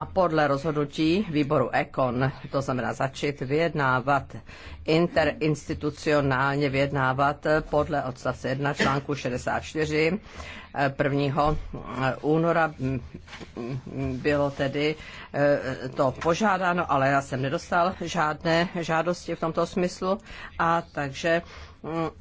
A podle rozhodnutí výboru ECON, to znamená začít vyjednávat, interinstitucionálně vyjednávat podle odstavce 1 článku 64 1. Eh, eh, února mm, mm, bylo tedy eh, to požádáno, ale já jsem nedostal žádné žádosti v tomto smyslu a takže mm,